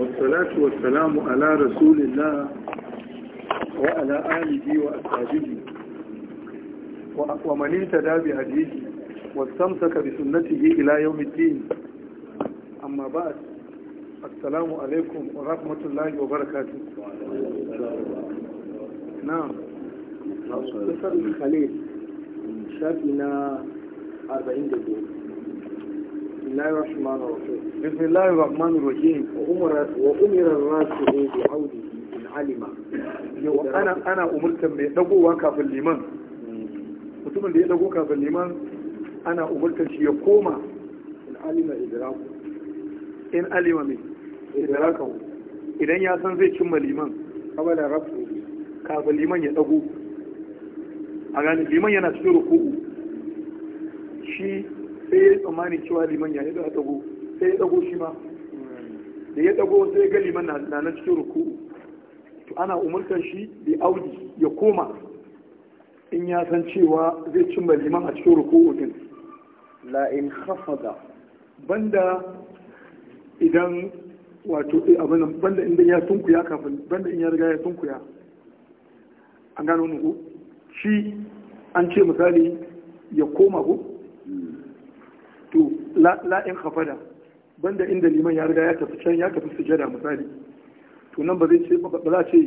والصلاة والسلام على رسول الله وعلى آله وأسعاده ومن انتدى بهديه واستمسك بسنته إلى يوم الدين أما بعد السلام عليكم ورحمة الله وبركاته نعم الخليل شافنا 42 الله الرحمن الرحيم بسم الله الرحمن الرحيم وأمر وأمر بعوده إن علم أنا أنا أمرت من da ya dago kafin liman ana shi ya koma in alima idraku in alima idraku idan ya san zai cimma liman rafu kafin liman yana cikin ruku'u shi sai ya tsammani cewa liman ya da dago sai ya dago shi ma da ya dago sai ga liman na nan cikin ruku to ana umurtar shi da audi ya koma in ya san cewa zai cimma liman a cikin ruku din la in khafada banda idan wato sai eh, abin banda inda ya tunkuya kafin banda in ya riga ya tunkuya an gano nuku shi an ce misali ya koma ko hmm. to la'in hafada banda inda liman ya riga ya tafi can ya tafi sujada misali to nan ba zai ce ba za ce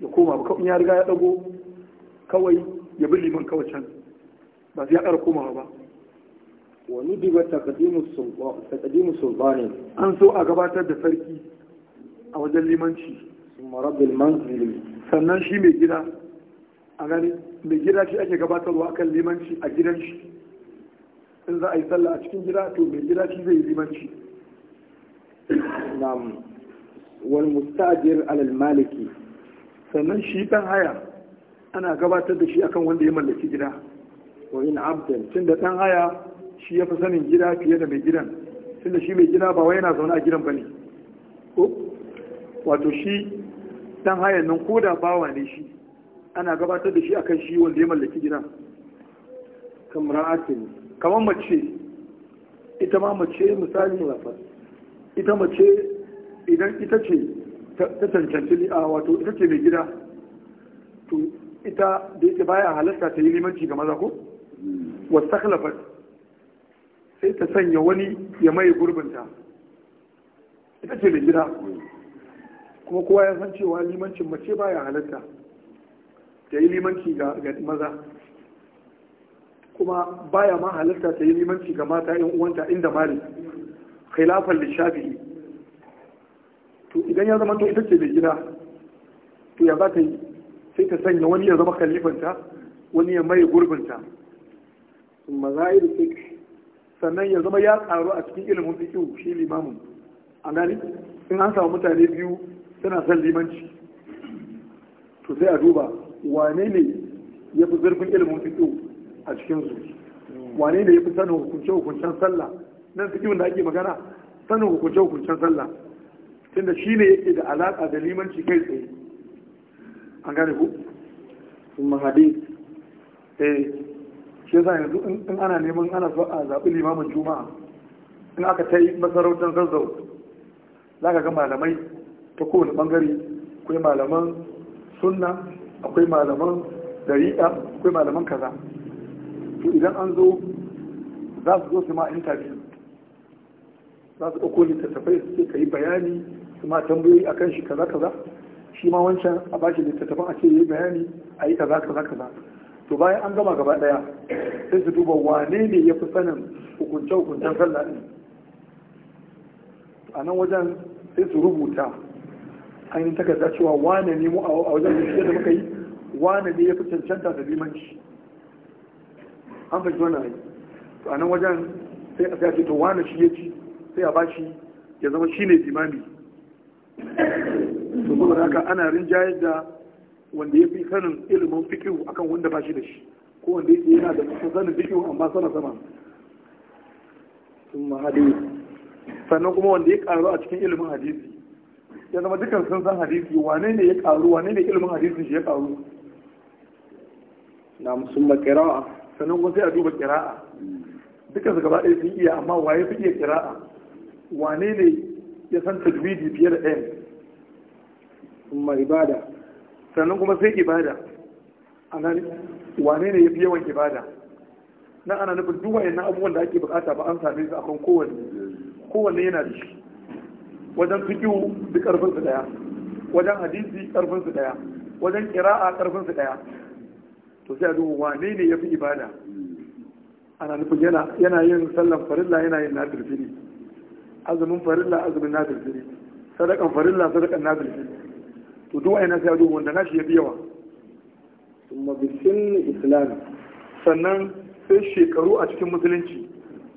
ya koma ba kawai ya riga ya dago kawai ya bi liman kawai can ba zai ya ƙara komawa ba wani diba takadimu sulbani an so a gabatar da sarki a wajen limanci marabbil manzili sannan shi mai gida a gani mai gida shi ake gabatarwa akan limanci a gidan shi in za a yi sallah a cikin gida to mai gida shi zai yi limanci na'am wal mustajir alal maliki sannan shi kan haya ana gabatar da shi akan wanda ya mallaki gida wa in abdan da dan haya shi ya fi sanin gida fiye da mai gidan da shi mai gida ba wai yana zaune a gidan bane ko wato shi dan haya nan ko da bawa ne shi ana gabatar da shi akan shi wanda ya mallaki gidan kamra'atin kamar mace ita ma mace misali ita mace idan ita ce ta cancanci a wato ita ce mai gida to ita da yake baya halarta ta yi limanci ga maza ko hmm. wasu takhlafat sai ta sanya wani ya mai gurbinta ita ce mai gida kuma kowa ya san cewa limancin mace baya halarta ta yi limanci ga maza kuma baya ma halitta ta yi limanci ga mata yan uwanta inda mali khilafan lishafi to idan ya zama to ita ce mai gida to ya za ta yi sai ta sanya wani ya zama kalifanta wani ya mai gurbinta mazahir fiqh sannan ya zama ya karu a cikin ilimin fiqh shi limamin a gani in an samu mutane biyu suna son limanci to sai a duba wane ne ya fi zurfin ilimin fiqh a cikin su wane ne ya fi sanin hukunce hukuncen sallah nan fiƙi da ake magana sanin hukunce hukuncen sallah da shi ne yake da alaƙa da limanci kai tsaye an gane ku kuma hadis eh shi yasa yanzu in ana neman ana so a zaɓi limamin juma'a in aka ta yi masarautar zazzau za ka ga malamai ta kowane ɓangare akwai malaman sunna akwai malaman dariƙa akwai malaman kaza to idan an zo za su zo su ma interview za su ɗauko littattafai su ce ka yi bayani su ma tambayoyi a kan shi kaza kaza shi ma wancan a ba shi littattafan a ce yi bayani a yi kaza kaza kaza to bayan an gama gaba ɗaya sai su duba wane ne ya fi sanin hukunce hukuncen sallah ɗin a nan wajen sai su rubuta an yi takarda cewa wane ne mu a wajen da muka yi wane ne ya fi cancanta da limanci an fahimci wannan aiki to a nan wajen sai a sai to wani shi ya ci sai a bashi ya zama shi ne imami to saboda haka ana rinjayar da wanda ya fi sanin ilimin fikihu akan wanda ba shi da shi ko wanda yake yana da sanin fikihu amma sana sama sun mahadi sannan kuma wanda ya karu a cikin ilimin hadisi ya zama dukkan sun san hadisi wane ne ya karu wane ne ilimin hadisi shi ya karu na musulman kira'a sannan kuma sai a duba kira'a dukkan su gaba ɗaya sun iya amma waye fi iya kira'a wane ne ya san tajwidi fiye da ɗayan kuma ibada sannan kuma sai ibada a wane ne ya fi yawan ibada nan ana nufin duk wayannan abubuwan da ake bukata ba an same su akan kowanne kowanne yana da shi wajen fikihu duk karfin su ɗaya. wajen hadisi ƙarfinsu su wajen kira'a ƙarfinsu su to sai a duba wane ne ya fi ibada ana nufin yana yin sallan farilla yana yin nafil fili azumin farilla azumin nafil fili sadakan farilla sadakan nafil fili to duk wa'ina sai a duba wanda nashi ya fi yawa sun bisin islam sannan sai shekaru a cikin musulunci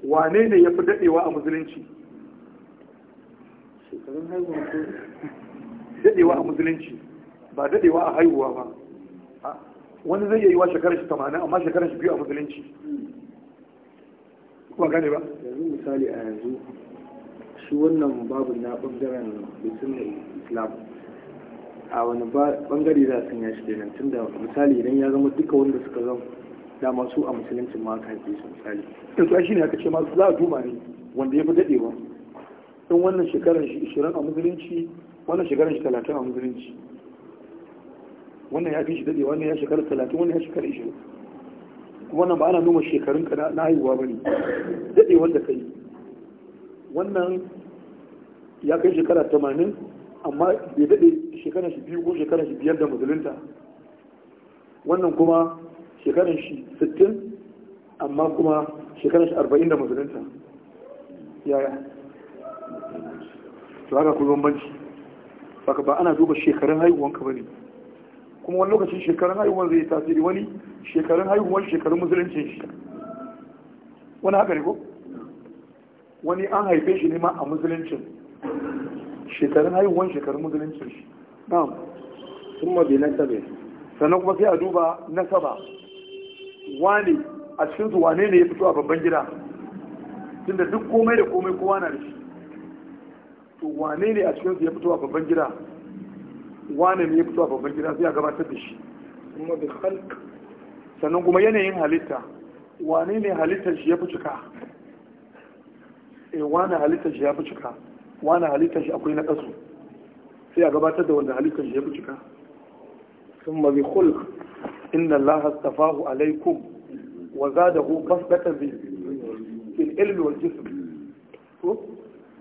wane ne ya fi dadewa a musulunci shekarun haihuwa dadewa a musulunci ba dadewa a haihuwa ba wani zai yi wa shekarar shi tamanin amma shekarar shi biyu a musulunci kuma gane ba yanzu misali a yanzu shi wannan babu na bangaren musulun islam a wani bangare za su yashi da tun da misali idan ya zama duka wanda suka zama dama su a musuluncin ma ka haife su misali to su shi ne aka ce ma za a duma ne wanda ya fi dadewa in wannan shekarar shi 20 a musulunci wannan shekarar shi 30 a musulunci wannan ya fi shi dadewa wannan ya shekara talatin wannan ya shekara ishirin wannan ba ana noma shekarun ka na haihuwa ba ne dade wanda ka yi wannan ya kai shekara tamanin amma bai dade shekara shi biyu ko shekara shi biyar da musulunta wannan kuma shekaran shi sittin amma kuma shekaran shi arba'in da musulunta yaya to haka kuma bambanci ba ana duba shekarun haihuwanka ba ne kuma wani lokacin shekarun haihuwar zai tasiri wani shekarun haihuwar shekarun musulunci shi wani haka ne ko wani an haife shi ne ma a musuluncin shekarun haihuwar shekarun musulunci shi na'am sun mabi nasabe sannan kuma sai a duba nasaba wani a cikin su wane ne ya fito a babban gida tunda duk komai da komai kowa na da shi to wane ne a cikin su ya fito a babban gida wane ne ya fito a babban gida sai a gabatar da shi kuma bi khalq sannan kuma yanayin halitta wane ne halittar shi ya fi cika eh wane halittar shi ya fi cika wane halittar shi akwai na kasu sai a gabatar da wanda halittar shi ya fi cika sun mabi khulq inna "Allah astafahu alaikum wa zadahu basdatan fil ilmi wal jism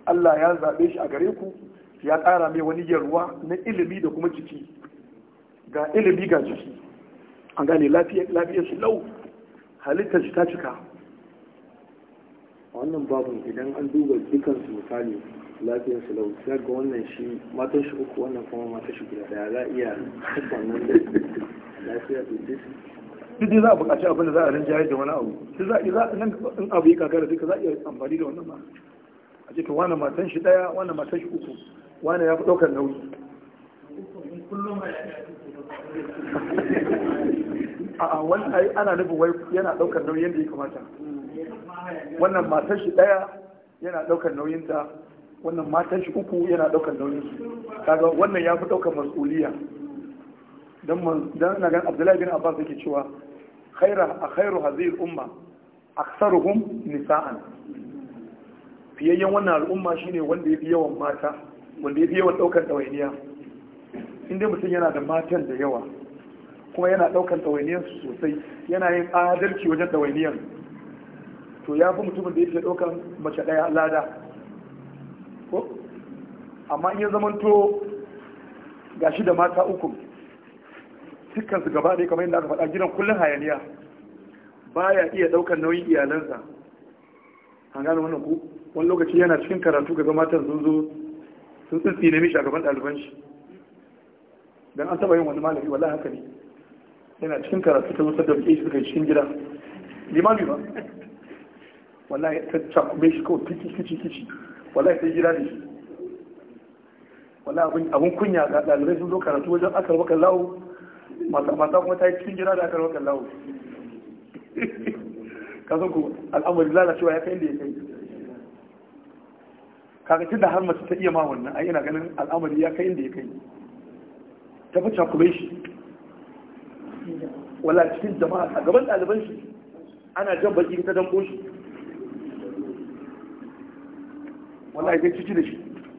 Allah ya zabe shi a gare ku ya ƙara mai wani yarwa na ilimi da kuma jiki ga ilimi ga jiki an gane lafiyar shi lau halittar shi ta cika wannan babu idan an duba dukkan dukansu misali lafiyar su lau sai ga wannan shi matan shi uku wannan kuma matan shi guda daya za a iya wannan da lafiyar da duk dai za a buƙaci abin da za a rinjaye da wani abu duk za a nan in abu yi kakara duka za a iya amfani da wannan ma a cikin to wannan matan shi daya wannan matan shi uku wani ya fi ɗaukar nauyi a wani ai ana nufin wai yana ɗaukar nauyin yadda ya kamata wannan matar shi ɗaya yana ɗaukar ta. wannan matar shi uku yana ɗaukar nauyin su kaga wannan ya fi ɗaukar mas'uliya dan dan na Abdullahi bin Abbas yake cewa khaira a khairu hadhihi al-umma aktsaruhum nisa'an fiyayyen wannan al'umma shine wanda yafi yawan mata wanda ya fi yawan ɗaukar ɗawainiya inda mutum yana da matan da yawa kuma yana ɗaukar su sosai yana yin adalci wajen ɗawainiyar to ya fi mutumin da fi ɗaukar mace ɗaya lada ko amma in ya zamanto shi da mata uku dukkan gaba ɗaya kamar yadda aka faɗa gidan kullum hayaniya baya iya ɗaukar nauyin iyalansa an gane wannan ku wani lokaci yana cikin karatu ga matan sun zo sun tsitsi ne mishi a gaban ɗaliban shi don an taɓa yin wani malami wala haka ne yana cikin karatu ta wutar da buke shi suka yi cikin gida limami ba Wala ya ta cakume shi kawai kici kici kici ta yi gida da shi Wala abin kunya ga ɗalibai sun zo karatu wajen akar wakar lawo mata kuma ta yi cikin gida da akar wakar lawo kasan ku al'amari lalacewa ya kai da ya kai kaga tunda har mace ta iya ma wannan ai ina ganin al'amari ya kai inda ya kai ta fi cakume shi wala cikin jama'a a gaban ɗaliban shi ana jan baki ta dan shi wala ya cici da shi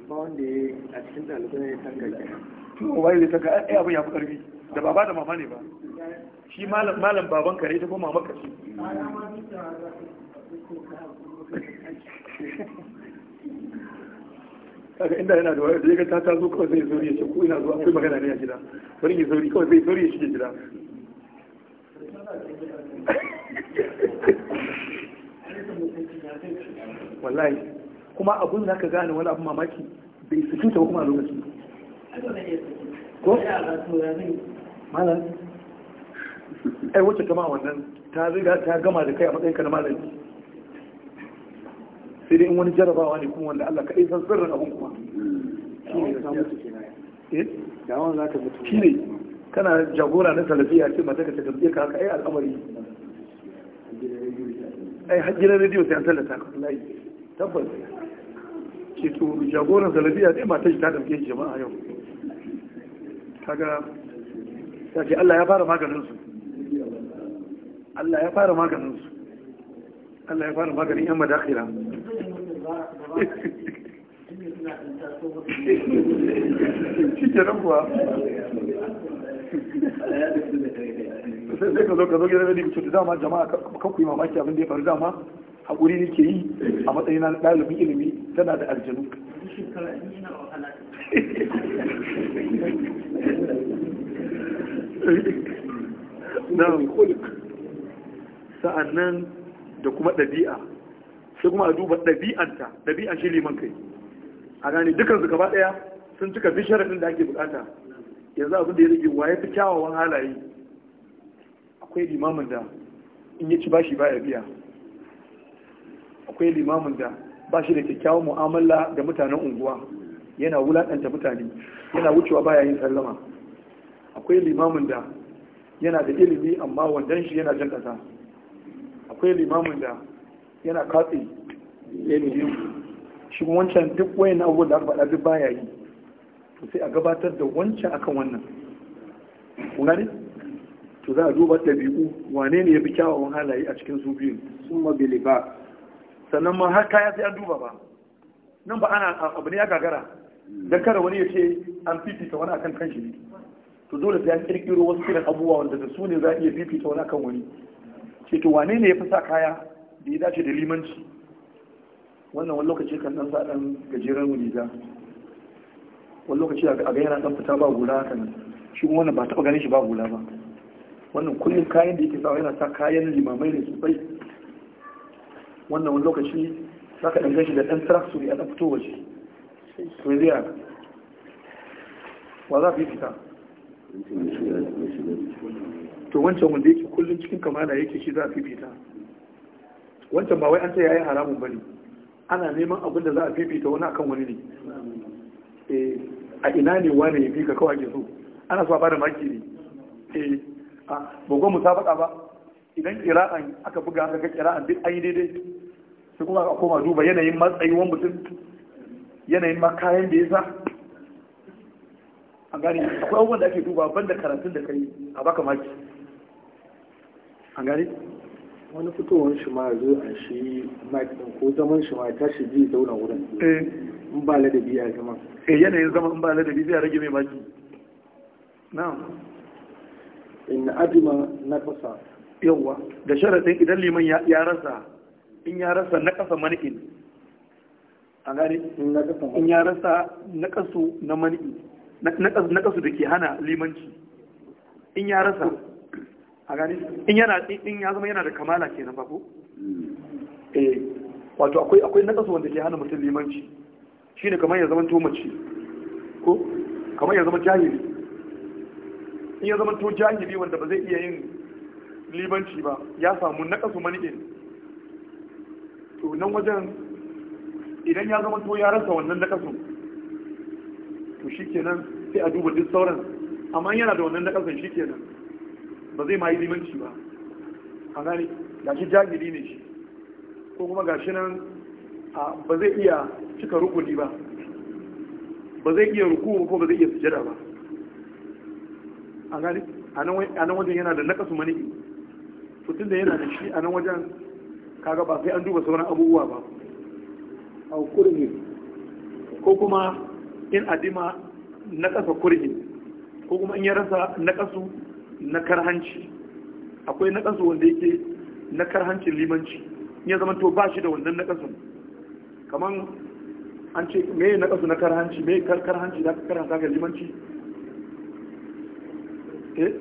ba wanda ya a cikin ɗaliban ya tangaje to wai ne ta ga ai abin ya fi ƙarfi da baba da mama ne ba shi malam malam baban kare ta ko mama ce. kaga ta zai ina a ya kawai zai kuma abun da gane wani abun mamaki bai su cuta kuma a lokacin ko malam wannan ta riga ta gama da kai a matsayinka na malam. sai dai in wani jarabawa ne kuma wanda Allah kaɗai san sirrin abin kuma eh? shi ne kana jagora na salafiya ce mata ka ta gambe ka haka ai al'amari ai hajjirar rediyo sai an tallata ka layi. tabbas ce to jagoran salafiya sai mata ta gambe jama'a yau kaga ta ce Allah ya fara maganin su Allah ya fara maganin su Allah ya fara maganin yan madakira sai ka zo ka zo gidan da bincike dama jama'a kan ku yi mamaki abin da ya faru dama haƙuri ne yi a matsayin na ɗalibin ilimi tana da aljanu na sa'annan da kuma ɗabi'a sai kuma a duba ɗabi'anta ɗabi'an shi liman kai a gani dukkan su gaba ɗaya sun cika duk sharaɗin da ake bukata yanzu abin da ya rage wa ya fi kyawawan halaye akwai limamin da in ya ci bashi baya biya akwai limamin da ba shi da kyakkyawan mu'amala ga mutanen unguwa yana wulaɗanta mutane yana wucewa baya yin sallama akwai limamin da yana da ilimi amma wandan shi yana jan ƙasa akwai limamin da yana katse ya nemi shi wancan duk wayan abubuwan da aka faɗa duk baya yi to sai a gabatar da wancan akan wannan Kuma ne? to za a duba ɗabi'u wane ne ya fi kyawawan halaye a cikin su biyu sun mabili ba sannan ma har kaya sai an duba ba nan ba ana abu ne ya gagara don kada wani ya ce an fifita wani akan kan shi ne to dole sai an kirkiro wasu irin abubuwa wanda da su ne za a iya fifita wani akan wani ce to wane ne ya fi sa kaya da ya dace da limanci wannan wani lokaci kan nan zaɗan gajeren gajeren riga wani lokaci a ga yana dan fita ba hula haka nan shi kuma wannan ba taɓa ganin shi ba hula ba wannan kullum kayan da yake sawa yana sa kayan limamai ne sosai wannan wani lokaci za ka ɗan shi da ɗan traksu ne a ɗan fito waje zai wa za yi fita to wancan wanda yake kullum cikin kamala yake shi za a fi fita wancan ba wai an ce ya yi haramun ba ne ana neman abin da za a fifita wani akan wani ne eh, a ina ne wani ya fi ka kawai ke so ana so a bada maki ne eh, a bugon musabaka ba idan kira'an aka buga aka ga kira'an duk an yi daidai sai kuma a koma duba yanayin matsayi wani mutum yanayin ma kayan da ya sa an gane akwai abubuwan da ake duba ban da karatun da kai a baka maki an gane wani fitowar shi ma zo a shi maɗin ko zaman shi ma tashi ji zauna wurin eh. in ba ladabi a zama. eh yanayin zaman in ba ladabi zai rage mai baki na'am in ajima na kasa yawwa da sharaɗin idan liman ya rasa in ya rasa na kasa mani'in a gane in ya rasa na kasu na mani'i na kasu da ke hana limanci in ya rasa a gane? in yana in ya zama yana da kamala kenan ba ko eh wato akwai akwai nakasu wanda ke hana mutum limanci shine kamar ya zama to mace ko kamar ya zama jahili in ya zama to jahili wanda ba zai iya yin limanci ba ya samu nakasu mani'in to nan wajen idan ya zama to ya rasa wannan nakasu to shikenan sai a duba duk sauran amma yana da wannan nakasun shikenan ba zai ma yi limanci ba a gani gashi jagiri ne shi ko kuma gashi nan ba zai iya cika rukuni ba ba zai iya ruku ko ba zai iya sujada ba a gani a nan wajen yana da nakasu mani fitin da yana da shi a nan wajen kaga ba sai an duba sauran abubuwa ba a kurhin. ko kuma in adima na ƙasa kurhin. ko kuma in ya rasa na ƙasu na karhanci akwai nakasu wanda yake na karhancin limanci ya zama to ba shi da wannan nakasun Kaman an ce me na kasu na karhanci me karhanci da karhanta ga limanci eh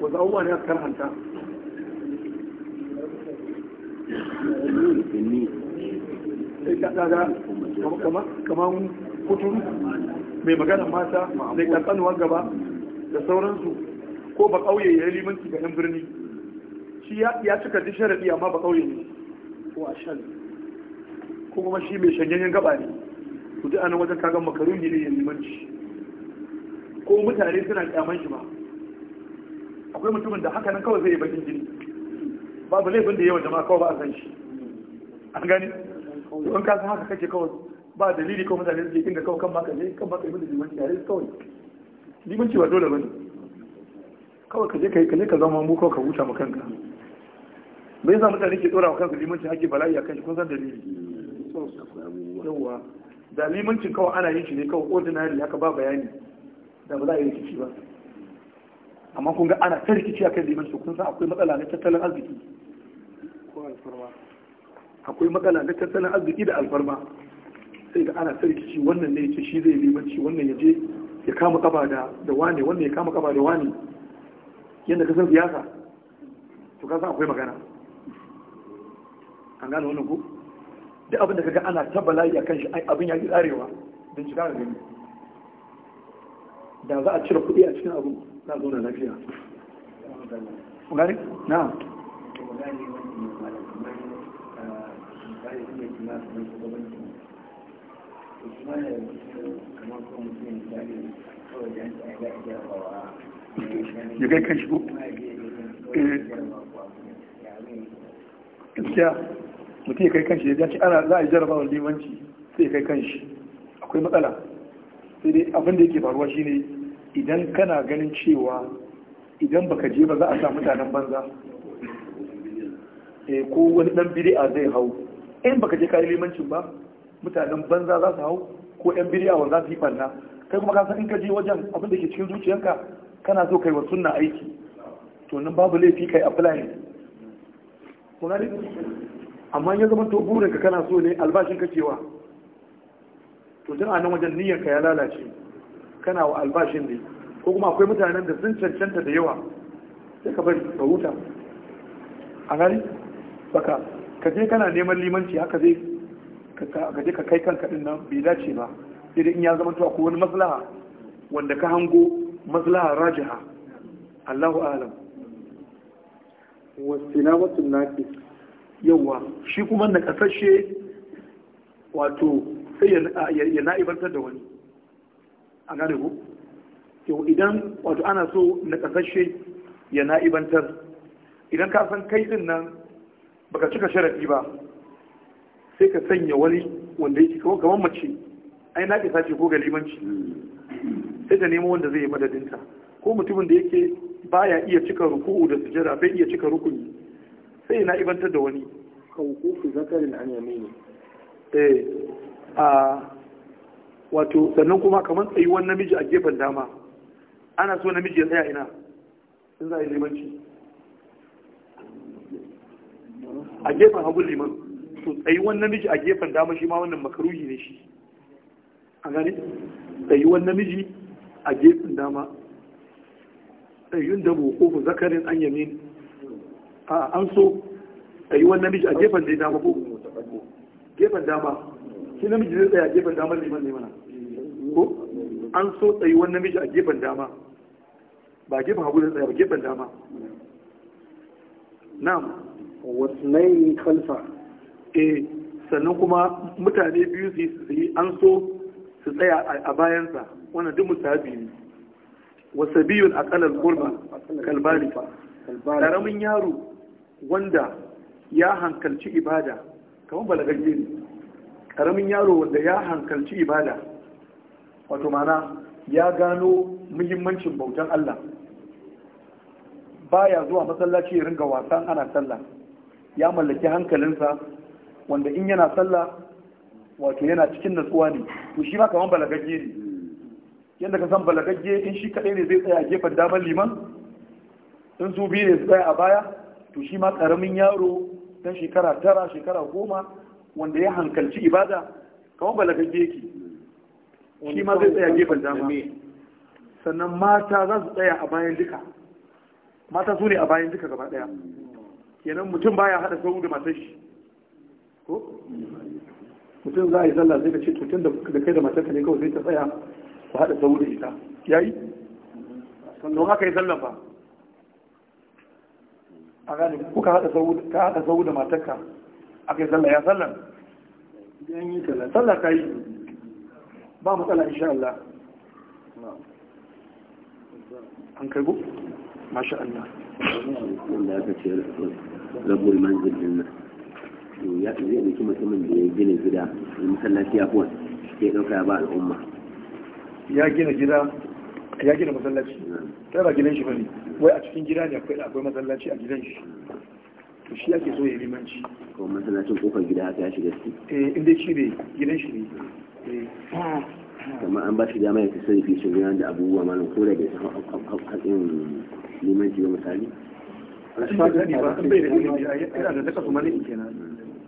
wasu abubuwa ne a karhanta eh, kaman kuturu mai magana mata mai karsanuwar gaba da sauransu ko ba ƙauye ya yi limanci ga 'yan birni shi ya cika duk sharaɗi amma ba ƙauye ne ko a shan ko kuma shi mai shanyanyen gaba ne ku duk anan wajen kagan makarun ne ya limanci ko mutane suna kyaman shi ba akwai mutumin da haka nan kawai zai yi bakin jini babu laifin da yawan jama'a kawai ba a san shi an gani in ka san haka kake kawai ba dalili ko mutane su je inda kawai kan maka ne kan maka yi mutu limanci yare kawai limanci ba dole bane kawai ka je ka je ka zama mu kawai ka huta ma kanka me yasa mutane ke dora wa kansu limanci hakki bala'i a kanshi kun san dalili yawa da limancin kawai ana yin shi ne kawai ordinary haka ba bayani da ba za a yi rikici ba amma kun ga ana ta rikici akan limanci kun san akwai matsala na tattalin arziki akwai matsala na tattalin arziki da alfarma sai ga ana ta rikici wannan ne ya ce shi zai limanci wannan ya je ya kama kaba da wani wanda ya kama kaba da wani yadda ka san siyasa to ka san akwai magana an gane wannan ku duk abin da kaga ana ta bala'i a kan shi abin ya yi tsarewa don shiga da gani da za a cire kuɗi a cikin abu za a zauna lafiya na ya kai kan shigo eh. gaskiya mutum ya kai kan shi ya ce ana za a yi jarabawa limanci sai ya kai kan shi akwai matsala sai dai abin da yake faruwa shine idan kana ganin cewa idan baka je ba za a sa mutanen banza eh, ko wani dan bid'a zai hau in baka je kayi limancin ba mutanen banza za su hau ko yan biriyawa za su yi barna kai kuma ka san in ka je wajen abin da ke cikin zuciyarka kana so kai wa sunna aiki to nan babu laifi kai apply kuma ne amma ya zama to burin ka kana so ne albashin ka cewa to dan anan wajen niyyar ka ya lalace kana wa albashin ne ko kuma akwai mutanen da sun cancanta da yawa sai ka bari ka huta a gani baka ka je kana neman limanci haka zai ka je ka kai kanka din nan bai dace ba sai dai in ya zama ko wani maslaha wanda ka hango maslaha rajaha Allahu alam wasilawatu naki yawa shi kuma na kasashe wato sai ya na'ibantar da wani a gane ku yau idan wato ana so na kasashe ya na'ibantar idan ka san kai din nan baka cika sharadi ba sai ka sanya wani wanda yake kamar mace ai na ke ce ko ga limanci sai ka nemo wanda zai yi madadinta ko mutumin da yake baya iya cika ruku'u da sujada bai iya cika rukuni sai na ibantar da wani kawukufu zakarin an ne eh a wato sannan kuma kamar tsayuwar namiji a gefen dama ana so namiji ya tsaya ina in za a yi limanci a gefen hagu liman to wannan namiji a gefen dama shi ma wannan makaruhi ne shi a gane wannan namiji a gefen dama tsayun dabo ko zakarin an yami a an so wannan namiji a gefen da dama ko gefen dama shi namiji zai tsaya a gefen dama liman ne mana ko an so wannan namiji a gefen dama ba gefen hagu da tsaye ba gefen dama na'am wasu nai kalfa eh sannan kuma mutane biyu su yi an so su tsaya a bayansa wannan duk musabi ne wasa biyun a kanar gurma kalbari ƙaramin yaro wanda ya hankalci ibada kamar balagagge ne ƙaramin yaro wanda ya hankalci ibada wato mana ya gano muhimmancin bautan Allah baya zuwa masallaci ya ringa wasan ana sallah ya mallaki hankalinsa wanda in yana sallah wato yana cikin natsuwa ne to shi ma kaman balagagge ne yadda ka san balagagge in shi kaɗai ne zai tsaya a gefen damar liman in su biyu ne su tsaya a baya to shi ma ƙaramin yaro dan shekara tara shekara goma wanda ya hankalci ibada kaman balagagge yake shi ma zai tsaya gefen dama sannan mata za su tsaya a bayan duka mata su ne a bayan duka gaba daya kenan mutum baya haɗa sauri da matar shi ko mutum za a yi zalla zai ka ce tutun da kai da matarka ne kawai sai ta tsaya ku haɗa sauri da ita yayi sannan haka yi zallan ba a gane kuka haɗa sauri da matarka aka yi zalla ya zallan sallah ka yi ba matsala insha Allah an kai bu masha Allah. Allah ya ce rabu manzil to ya zai ɗauki mutumin da ya gina gida da masallaci ya kuwan ya ɗauka ba al'umma ya gina gida ya gina masallaci ta ba gidan shi ba ne wai a cikin gida ne akwai masallaci a gidan shi to shi ake so ya yi limanci ko masallacin kofar gida haka ya shiga ciki. eh inda shi ne gidan shi ne kamar an ba shi dama ya kasance fi shi da abubuwa malam ko da bai san haƙin limanci ba misali a cikin gani ba an bai da ilimi yana da daga su mani kenan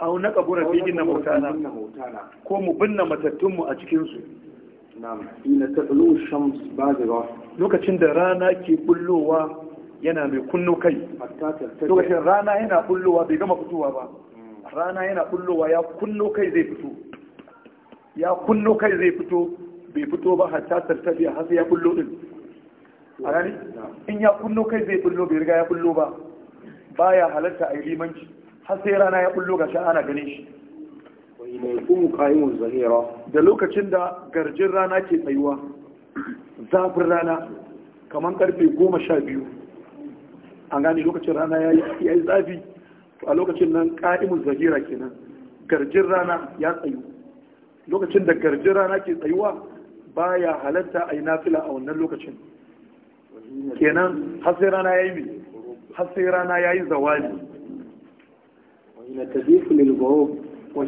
au na kabura fi na mautana ko mu binne matattunmu a cikinsu. ina tatlu shams bazira lokacin da rana ke bullowa yana mai kunno kai lokacin rana yana bullowa bai gama fitowa ba rana yana bullowa ya kunno kai zai fito ya kunno kai zai fito bai fito ba hatta tartabiya har sai ya bullo din a in ya kunno kai zai bullo bai riga ya bullo ba baya halarta a yi limanci har sai rana ya bullo ga shan ana ganin shi da lokacin da garjin rana ke tsayuwa zafin rana kamar karfe goma sha biyu an gane lokacin rana ya yi zafi a lokacin nan ka'imun zahira kenan garjin rana ya tsayu lokacin da garjin rana ke tsayuwa ba ya halatta a yi nafila a wannan lokacin kenan har rana ya yi zawali natadifu lil ghurub wa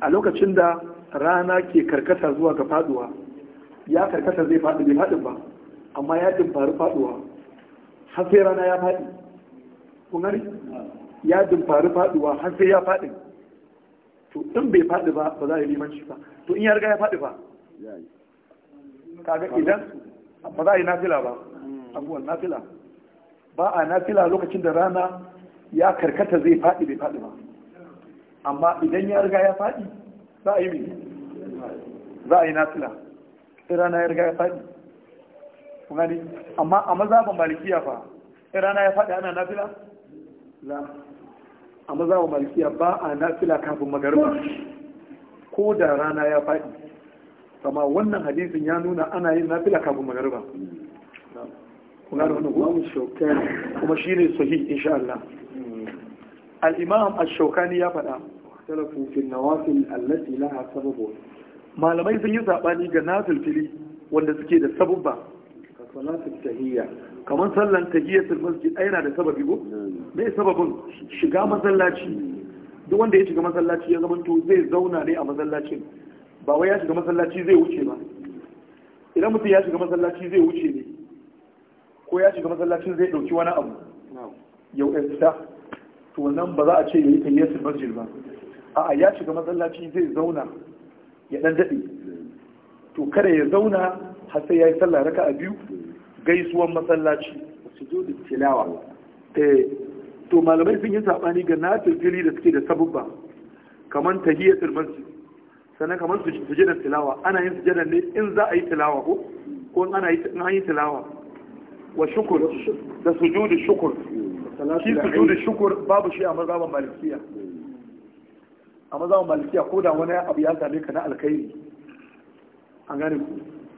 a lokacin da rana ke karkata zuwa ga faduwa ya karkata zai fadi bai fadin ba amma ya dimfari faduwa har sai rana ya fadi, kun gani ya dimfari faduwa har sai ya fadi to in bai fadi ba ba za a yi limanci ba to in ya riga ya fadi ba kaga idan ba za a yi nafila ba abuwan nafila ba a nafila lokacin da rana ya karkata zai faɗi bai faɗi ba amma idan ya riga ya faɗi za a yi mai za a yi nasila irana ya riga ya faɗi gani amma a mazaban malikiya fa irana ya faɗi ana nasila la a mazaban malikiya ba a nasila kafin magarba ko da rana ya faɗi amma wannan hadisin ya nuna ana yin nasila kafin magarba kuma shi ne sahih insha Allah al-imam ash ya faɗa talafu fi nawafil allati laha sababu malamai sun yi saɓani ga nafil fili wanda suke da sababba ka salatu tahiyya kamar sallan tahiyatul masjid ai na da sababi ko hmm. me sababin shiga masallaci duk wanda ya shiga masallaci ya zama to zai zauna ne a masallacin ba wai ya shiga masallaci zai wuce ba idan mutum ya shiga masallaci zai wuce ne ko ya shiga masallacin zai dauki wani abu yau ya fita to nan ba za a ce ya yi tayyatul masjid ba a'a ya shiga masallaci zai zauna ya dan dade to kada ya zauna har sai ya yi sallah raka'a biyu gaisuwan masallaci sujudu tilawa eh to malamai sun yi sabani ga nafilfili da suke da sabubba kamar tahiyatul masjid sannan kamar sujudar tilawa ana yin sujada ne in za a yi tilawa ko ko ana yi tilawa wa shukur da sujudu shukur shukur babu shi a mazhaban a ya ka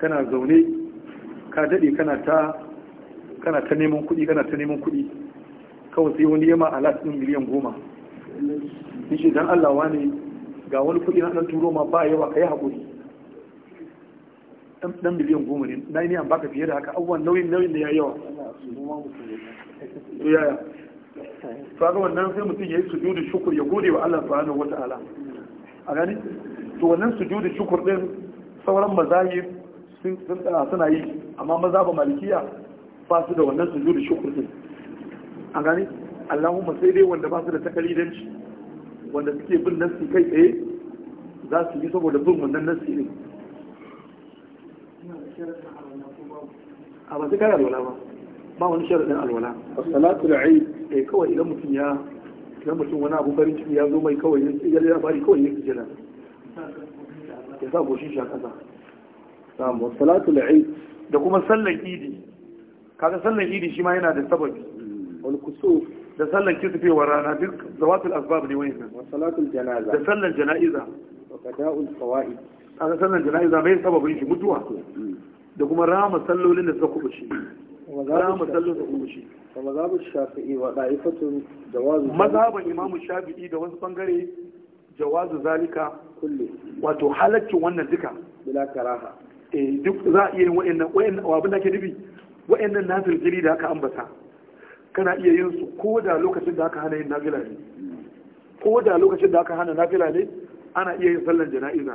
na ku kana ta neman kuɗi kana ta neman kuɗi kawai sai wani yama a latin miliyan goma shi dan Allah wani ga wani kuɗi na ɗan turo ma ba yawa ka yi haƙuri ɗan miliyan goma ne na yi ne an baka fiye da haka abubuwan nauyin nauyin da ya yawa to faga wannan sai mutum ya yi sujudu shukur ya gode wa Allah subhanahu wata'ala a gani to wannan sujudu shukur din sauran tsara ah, suna yi amma maza ba malikiya ba su da wannan sujudu shukur din a gani Allahumma sai dai wanda ba su da takalidanci wanda suke bin nasi kai tsaye za su yi saboda bin wannan nasi ne a ba su kara lola ba ba wani sharaɗin alwala salatu da ai eh, ɗai kawai idan mutum ya idan mutum wani abu farin ciki ya zo mai kawai ya ya bari kawai ya sujada ya sa goshin shi a ƙasa na'am salatu da ai da kuma sallan idi kaga sallan idi shi ma yana da sababi wani kusuf da sallan kisufewar rana duk zawatul asbab ne wani nan janaza da sallan janaiza wa fawaid kaga sallan janaiza bai sababin shi mutuwa mm. da kuma rama sallolin da suka kubuce وذهب مثل الأمشي ومذهب الشافعي وطائفة جواز مذهب الإمام الشافعي ده وانس بانغري جواز ذلك كله واتو حالك وانا ذكا eh duk za a iya yin wa'annan wa'annan abin da ke nufi wa'annan nazil jiri da aka ambata kana iya yin su ko da lokacin da aka hana yin nafila ne ko da lokacin da aka hana nafila ne ana iya yin sallan jana'iza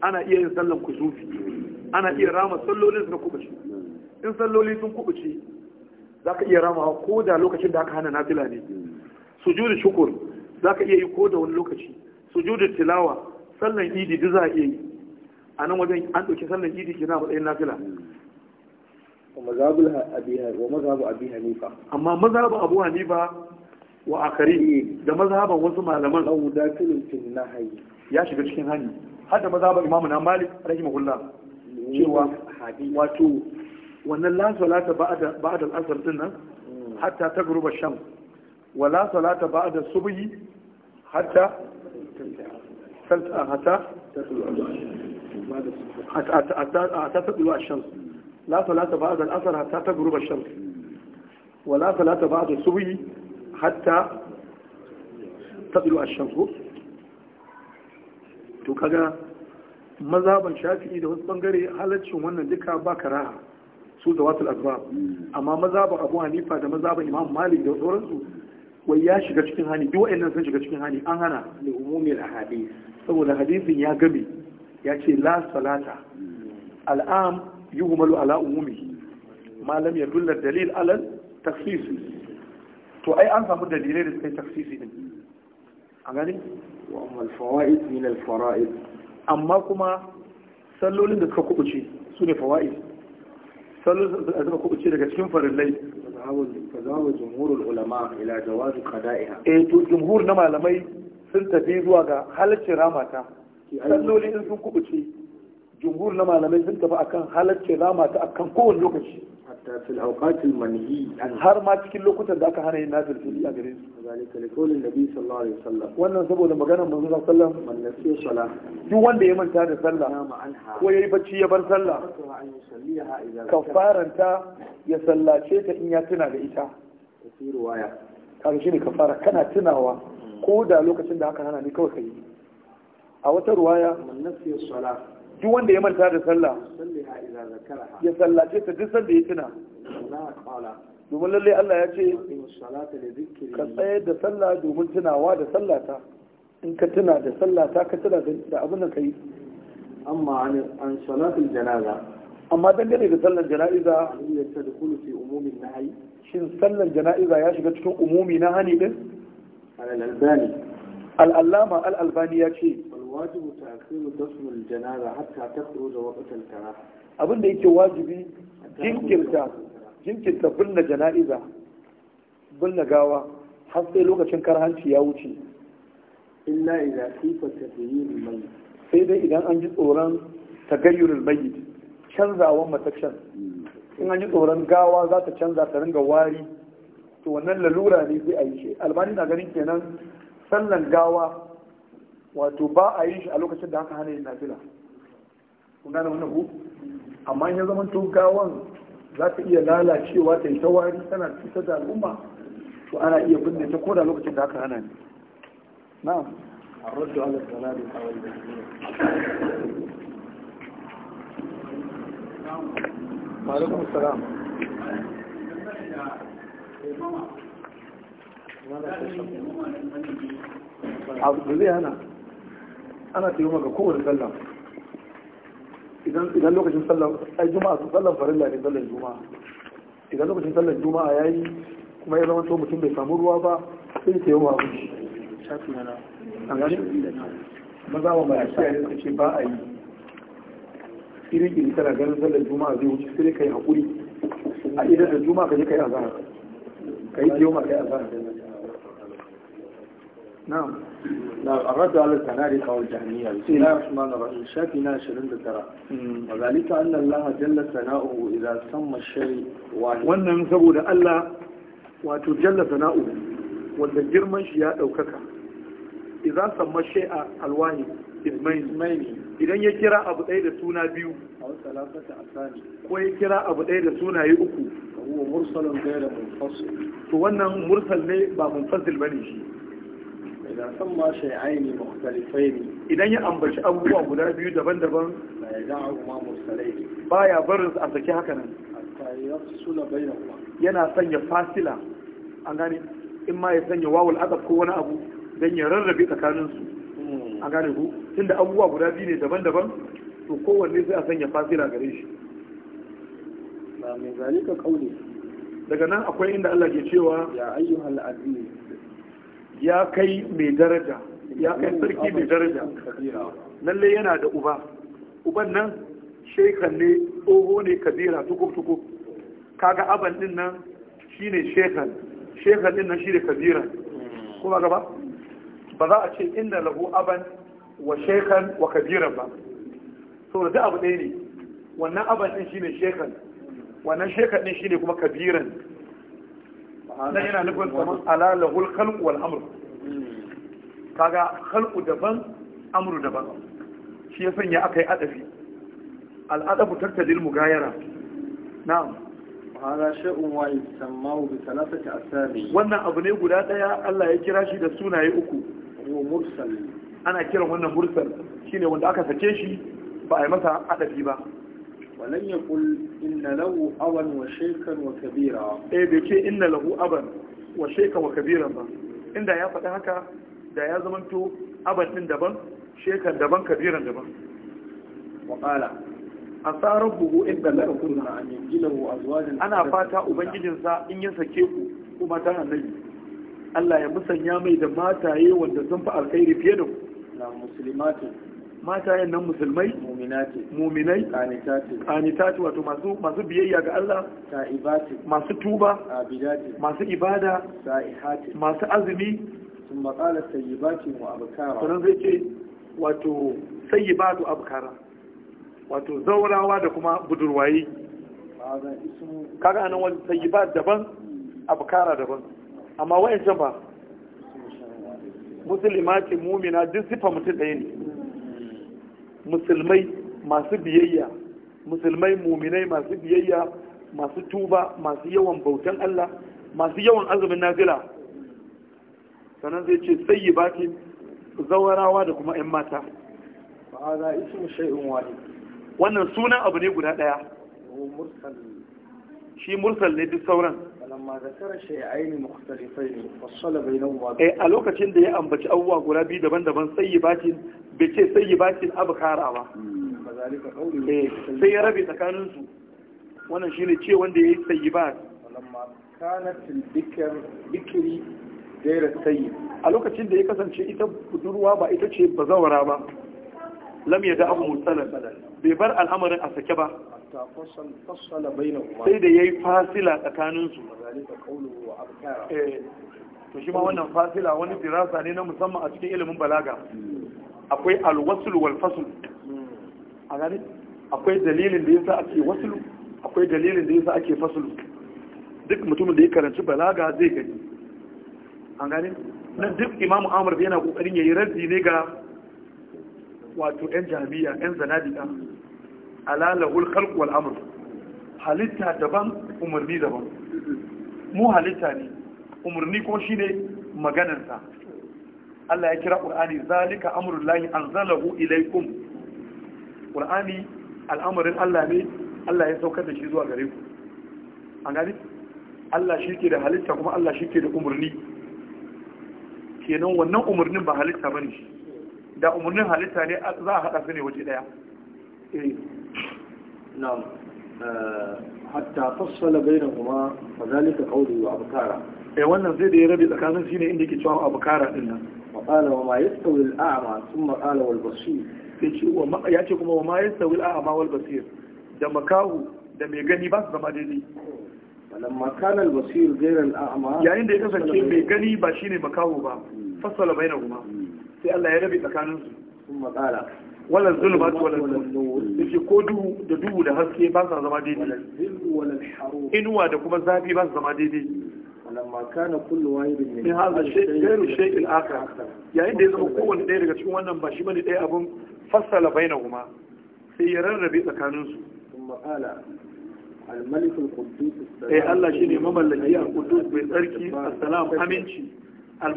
ana iya yin sallan kusufi ana iya rama sallolin da kuma shi in salloli sun kubuce za ka iya ramawa ko da lokacin da aka hana nafila ne Su da shukur za ka iya yi ko da wani lokaci Su da tilawa sallan idi duk za a iya yi a nan wajen an ɗauki sallan idi ke na matsayin nafila ومذهب أبي حنيفة أما مذهب أبو حنيفة وآخرين wasu malaman. وسمع لمن أو داخل في النهي يا شيخ cikin hani. Hada mazhabar Malik rahimahullah cewa wato wannan la salata ba'da al-asr din nan hatta tagruba sham wa la salata ba'da subhi hatta salta hatta hatta tadlu ash-shams la salata ba'da al-asr hatta tagruba ash-shams wa la salata ba'da subhi hatta tadlu ash-shams to kaga mazhaban shafi'i da wasu bangare halaccin wannan duka ba karaha su zawatul asbab amma mazhaban abu hanifa da mazhaban imam malik da sauransu wai ya shiga cikin hani duk wa'annan sun shiga cikin hani an hana li umumil ahadith saboda hadisin ya gami ya ce la salata al'am yuhmalu ala umumi Malam ya dulla dalil alal taksisi to ai an samu dalilai da suka yi taksisi din a gani wa amal fawaid min al fara'id amma kuma sallolin da suka kubuce su ne fawaid sallolin sun suka kubuce daga cikin farillai fazawa jumhurul ulama ila jawazi qada'iha eh to jumhur na malamai sun tafi zuwa ga halaccin ramata in sun kubuce jumhur na malamai sun tafi akan halarce rama ta akan kowane lokaci har ma cikin lokutan da aka hana yin nazil fili a gare su wannan saboda maganar manzo sallallahu duk wanda ya manta da sallah ko yayi bacci ya bar sallah kafaranta ya sallace ta in ya tuna da ita kaga shine kafara kana tunawa hmm. ko da lokacin da aka hana ni kawai kai a wata ruwaya duk wanda ya manta da sallah ya sallace ta duk sanda ya tuna domin lallai Allah ya ce ka tsayar da sallah domin tunawa da sallata in ka tuna da sallata ka tuna da abin da kai amma an salatul janaza amma dangane da sallan jana'iza ya tadkhulu fi shin sallan jana'iza ya shiga cikin umumi na hani din al-albani al-allama al-albani ya ce wajibu ta ta'khiru dasmul janaza hatta ta takhruja waqtal kara abin da yake wajibi jinkirta jinkirta binne jana'iza binne gawa har sai lokacin karhanci ya wuce illa idza ta taghayyurul mayyit sai dai idan an ji tsoron taghayyurul mayyit canzawan matakcan in an ji tsoron gawa za ta canza ta ringa wari to wannan lalura ne sai a yi shi albani na ganin kenan sallan gawa wato ba a yi shi a lokacin da aka hana yin nafila kun gane wannan ku amma ya zama to gawan za ta iya lalacewa ta yi tawari tana cutar da al'umma to ana iya binne ta koda lokacin da aka hana ne na'am الرد على wani da وعليكم السلام عبد الله هنا ana taimaka ga kowane sallah idan lokacin sallah ai juma'a sun sallar farilla ne sallar juma'a idan lokacin sallar juma'a ya yi kuma ya zama to mutum bai samu ruwa ba sai ta yi yawa abu shi maza wa mai ashiya ne suka ce ba a yi irin iri tana ganin sallar juma'a zai wuce sai kai haƙuri a idan da juma'a ka je kai azahar ka yi ta ke yawa kai azahar نعم نعم الرد على الزنادقة والجهمية بسم الله الرحمن الرحيم شافنا 29 وذلك أن الله جل ثناؤه إذا سمى الشيء واحد wannan saboda Allah wato jalla sana'u wanda girman shi ya daukaka idza samma shay'a alwahi ismaini idan ya kira abu ɗaya da suna biyu ko ya kira abu ɗaya da sunaye uku huwa mursalun ghayra munfasil to wannan mursal ne ba munfasil bane shi idan san ma shay'aini ya ambaci abubuwa guda biyu daban-daban ba ya ma mursalai a saki haka nan yana sanya fasila an gane in ma ya sanya wawul adab ko wani abu don ya rarrabe tsakanin su an gane ku tunda abubuwa guda biyu ne daban-daban to kowanne sai a sanya fasila gare shi daga nan akwai inda Allah ke cewa ya ayyuhal aziz ya kai mai daraja ya kai sarki mai daraja lalle yana da uba uban nan shekar ne tsoho ne kabira tukuk-tukuk kaga aban din nan shine shekar shekar din nan shine kabira hmm. kuma gaba ba za a ce inda lahu aban wa shekar wa kabiran ba saboda da abu ɗaya ne wannan aban din shine shekar wannan shekar din shine kuma kabiran nan yana nufin kamar alalahul khalqu wal amr kaga khalqu daban amru daban shi ya sanya akai adafi al adabu taktadil mugayara na'am hada sha'un wa yusammahu bi thalathati asami wannan abu ne guda daya Allah ya kira shi da sunaye uku wa mursal ana kiran wannan mursal shine wanda aka sake shi ba a yi masa adafi ba walan ya kul inna lahu aban wa shekan wa kabira eh bai ce inna lahu aban wa shekan wa kabira ba inda ya faɗi haka da ya zamanto aban din daban shekan daban kabiran daban wa qala asa rabbuhu in dallakun an yajilahu ana fata ubangijinsa in ya sake ku kuma ta annabi Allah ya musanya mai da mataye wanda sun fi alkhairi fiye da ku na muslimatin mata yan nan musulmai muminai kanitati wato masu biyayya ga Allah masu tuba masu ibada masu azumi sun matsala sayyibati mu abkara sannan zai ce wato sayyibatu abkara wato zaurawa da kuma budurwayi kaga anan wani sayyibat daban abkara daban amma shan ba musulmati mumina duk sifa mutum ɗaya ne musulmai masu biyayya musulmai muminai masu biyayya masu tuba masu yawan bautan Allah masu yawan azumin nazila sannan zai ce sayi baki, zawarawa da kuma 'yan mata ba za ismu shay'in wahid wannan sunan abu ne guda daya shi mursal ne duk sauran eh, a lokacin da ya ambaci abubuwa guda biyu daban-daban sayyibatin bai ce sai yi bakin abu karawa eh, sai ya rabe tsakaninsu wannan shi ne ce wanda ya yi sayi ba kanatin bikiri sayi a lokacin da ya kasance ita budurwa ba ita ce ba zawara ba lam ya da abu mutsalar bai bar al'amarin a sake ba sai da ya yi fasila tsakaninsu eh, to shi ma wannan fasila wani dirasa ne na musamman a cikin ilimin balaga hmm. akwai alwasulu wal fasulu a gani akwai dalilin da yasa ake wasulu akwai dalilin da yasa ake fasulu duk mutumin da ya karanci balaga zai gani an gani nan duk imamu amur yana kokarin yayi raddi ne ga wato yan jami'a yan zanadiya alalahul lahul khalq wal amr halitta daban umarni daban mu halitta ne umarni ko shine maganarsa Allah ya kira Qur'ani zalika amrul lahi anzalahu ilaykum Qur'ani al'amarin Allah ne Allah ya saukar da shi zuwa gare ku an gani Allah shi ke da halitta kuma Allah shi ke da umarni kenan wannan umarnin ba halitta bane shi da umarnin halitta ne za a haɗa su ne waje ɗaya eh na'am eh, hatta fassala bainahuma fa zalika qawli wa abkara eh wannan zai da ya rabi tsakanin shine inda yake cewa abkara din nan فقال وما يستوي الأعمى ثم ya ce kuma wa ma yastawil a'ma wal basir da makahu da mai gani ba su zama daidai lamma kana da ya kasance mai gani ba shine makahu ba fassala bainahuma sai Allah ya rabe tsakanin su kuma qala wala zulmat ko duhu da duhu da haske ba su zama daidai inuwa da kuma zafi ba su zama daidai فلما كان كل واحد من هذا الشيء غير الشيء الاخر yayin da ya zama kowane ɗaya daga cikin wannan ba shi bane ɗaya abun fassala bainahuma sai ya rarrabe tsakanin su kuma ala al-malik al-quddus eh Allah shine tsarki assalamu aminci al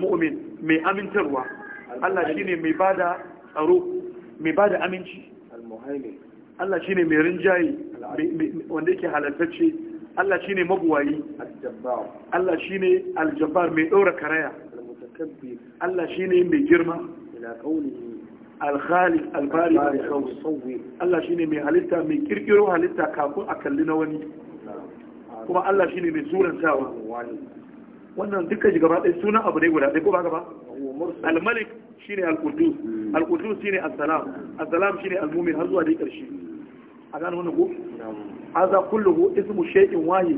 mai amintarwa Allah shine mai bada tsaro mai bada aminci al-muhaimin Allah mai rinjaye wanda yake halartacce Allah shine mabuwayi Allah shine aljabbar mai ɗora karaya Allah shine mai girma alkhali albari mai Allah shine mai halitta mai kirkiro halitta kafin a kalli na wani kuma Allah shine mai surantawa wannan duka ji gaba ɗaya sunan abu ne guda ɗaya ko ba gaba al-malik shine al-qudus hmm. al-qudus shine as-salam as-salam shine al-mumin har zuwa dai ƙarshe a gane wannan ko haza kulluhu ismu shay'in wahid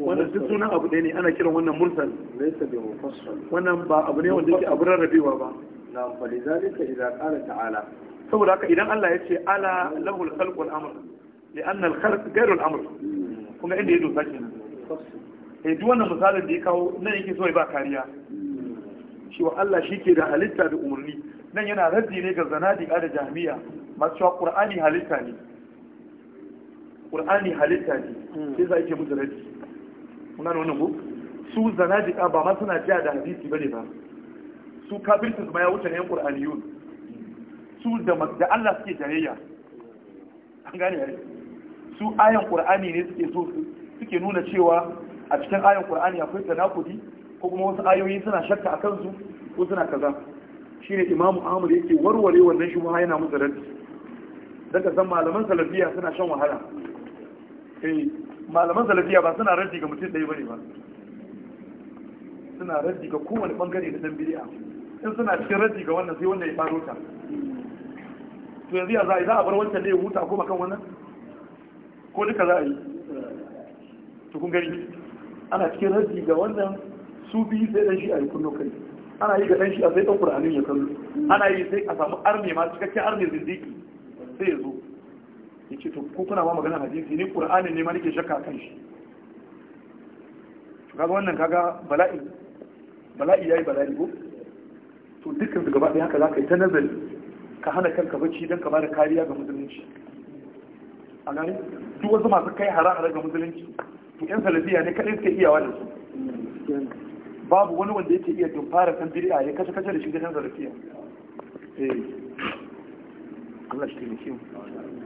wannan duk sunan abu ɗaya ne ana kiran wannan mursal laysa bi mufassal wannan ba abu ne wanda yake abu rarrabewa ba na'am fa lidhalika idza qala ta'ala saboda haka idan Allah ya ce ala lahu al-khalqu wal amr li anna al-khalq ghayru al-amr kun inda ya dosa kenan eh duk wannan misalin da ya kawo nan yake so ya ba kariya shi wa Allah shi ke da halitta da umarni nan yana raddi ne ga zanadiqa da jahmiya masu cewa qur'ani halitta ne ƙur'ani halitta ne hmm. sai za a musu rabi mun gano wannan ko su jika ba ma suna jiya da hadisi bane ba su kafirci ma ya wuce ne yun su da Allah suke jayayya an gane yayi su ayan ƙur'ani ne suke so suke nuna cewa a cikin ayan ƙur'ani akwai tanakudi ko kuma wasu ayoyi suna shakka a kansu ko suna kaza shine imamu ahmad yake warware wannan ma yana musu raddi daga zan malaman salafiya suna shan wahala Eh, malaman salafiya ba suna raddi ga mutum ɗaya bane ba suna raddi ga kowane bangare na tambiriya in suna cikin raddi ga wannan sai wannan ya faro ta to yanzu ya za a za a bar wancan ne ya huta ko kan wannan ko duka za a yi to kun gani ana cikin raddi ga wannan su bi sai dan shi a yi kunno kai ana yi ga dan shi a sai dan qur'anin ya kallo ana yi sai a samu arne ma cikakken arne zindiki sai ya zo yake to ko kuna ma magana hadisi ni qur'ani ne ma nake shakka kan shi kaga wannan kaga bala'i bala'i yayi bala'i ko to dukkan su gaba ɗaya haka za ka yi ta nazari ka hana kanka bacci don ka bada kariya ga musulunci a gani duk wasu masu kai hare-hare ga musulunci to yan salafiya ne kaɗai suke iyawa da su babu wani wanda yake iya don fara san bid'a ya kashe kashe da shi ga yan eh Allah shi ne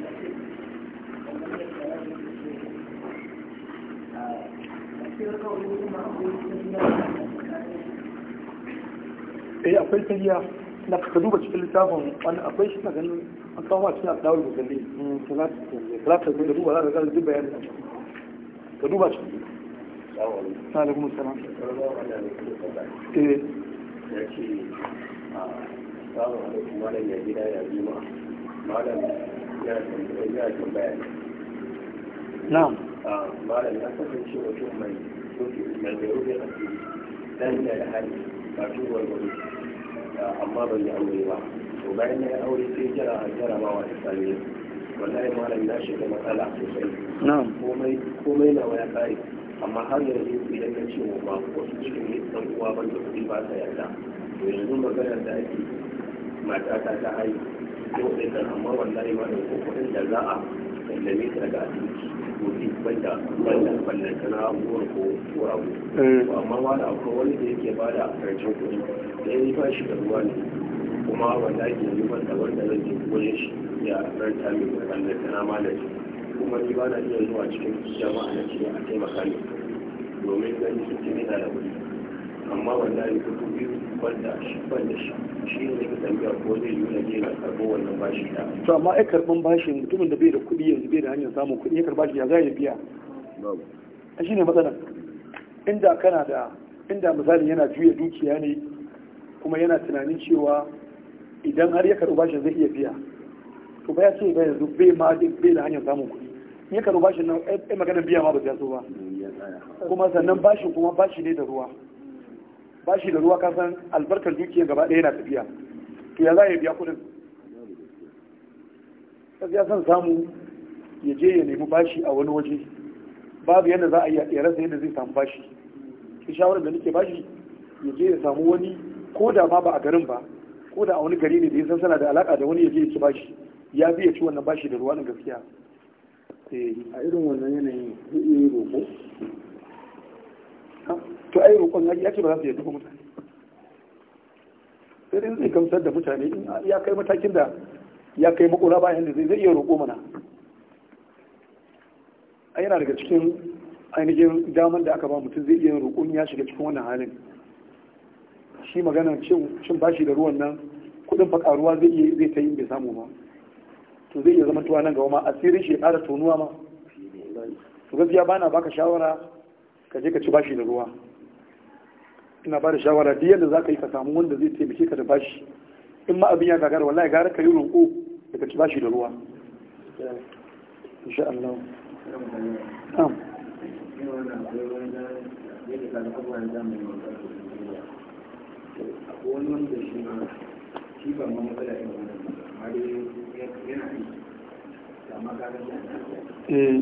eh akwai tariya na ka duba cikin littafin wani akwai shi na ganin an kawo a cikin adawar musulmi talata da duba za ka gani duk bayanin ka duba cikin salam ya ce malam ya gida ya malam ya ah, malam ya kasance mai mai da rufe a ce dan da amma ban yi aure ba to bayan ya aure sai jira a jarabawa ta sami wallahi malam na shiga matsala sosai komai komai na waya kare amma har yanzu idan na ce wa ba wasu cikin ɗan uwa ban da kuɗi ba ta yarda to yanzu maganar da ake mata ta ta haihu yau kan amma wallahi malam ko kuɗin da za a sallame ta daga asibiti kofi banda banda banda kana ko kurabu eh. amma wani akwai wani da yake ba da rancen kuɗi da ya ba shi da ruwa ne kuma wanda ake yi wanda wanda zan je wajen shi ya ranta mai banda kana malami kuma ni ba na iya zuwa cikin jama'a na ce a taimaka ne domin gani sun ce da kuɗi amma wanda ya fito biyu wanda shi shi ne ko zai yi bashi na to amma ai karban bashin mutumin da bai da kuɗi yanzu bai da hanyar samun kuɗi ya karba shi ya zai biya a shi ne matsalar inda kana da inda misali yana juya dukiya ne kuma yana tunanin cewa idan har ya karɓi bashin zai iya biya to ba ya ce ba yanzu bai ma bai da hanyar samun kuɗi ya karɓi bashin nan ai maganar biya ma ba ta so ba mm, kuma sannan bashin kuma bashi ne da ruwa ba shi da ruwa kasan albarkar dukiya gaba ɗaya na tafiya to ya za ya biya kuɗin ya san samu ya je ya nemi bashi a wani waje babu yadda za a yi ya rasa yadda zai samu bashi shi shawarar da nake bashi ya je ya samu wani ko da ma ba a garin ba ko da a wani gari ne da ya san sana da alaka da wani ya je ya ci bashi ya bi ya ci wannan bashi da ruwa na gaskiya eh, a irin wannan yanayin zai iya yi roƙo to ai roƙon ya ce ba za su yi duka mutane sai dai zai gamsar da mutane in ya kai matakin da ya kai makura bayan da zai iya roƙo mana a yana daga cikin ainihin damar da aka ba mutum zai iya roƙon ya shiga cikin wannan halin shi magana cin bashi da ruwan nan kudin fakaruwa zai iya zai ta yi bai samu ba to zai iya zama tuwa nan gaba ma asirin shi ya ƙara tonuwa ma to gaskiya bana baka shawara ka je ka ci bashi da ruwa ina ba da shawara duk yadda za ka yi ka samu wanda zai taimake ka da bashi in ma abin ya gagara wallahi gara ka yi roƙo da ka ci bashi da ruwa insha Allah am eh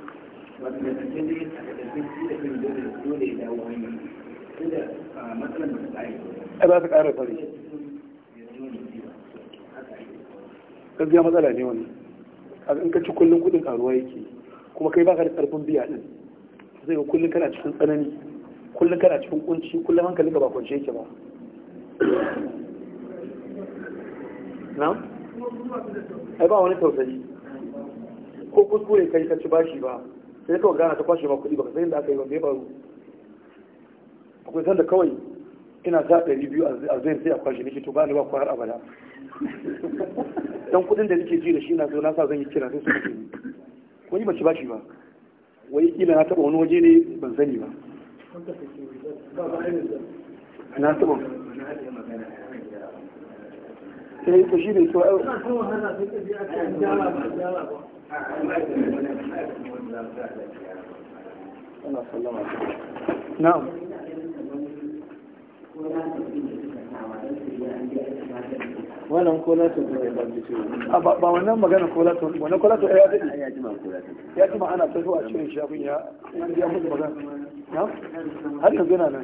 wanda da cikin jirgin a da shi da kan dole dole ya dawo hanyar inda matsalar da ta yi ai za ta ƙara fari gaskiya matsala ne wani in ka ci kullum kudin karuwa yake kuma kai baka da karfin biya din zai ga kullum kana cikin tsanani kullum kana cikin kunci kullum hankalinka ba kwance yake ba na? ai ba wani tausayi ko kuskure kai ka ci bashi ba sai kawai gana ta kwashe ma kuɗi baka sai inda aka yi ba mai faru akwai sanda kawai ina zaɓe ni biyu a zai sai a kwashe nake to ba ni ba kwayar abada dan kuɗin da nake ji da shi na zo na sa zan yi kira sai su kuɗi wani ba ci ba shi ba wai kila na taɓa wani waje ne ban sani ba na taɓa sai eh, shi ne to na'am wannan kolatun ah, ba wannan magana kolatun wannan kolatun ya daɗi ya jima ana cikin shafin ya ya magana har yanzu yana nan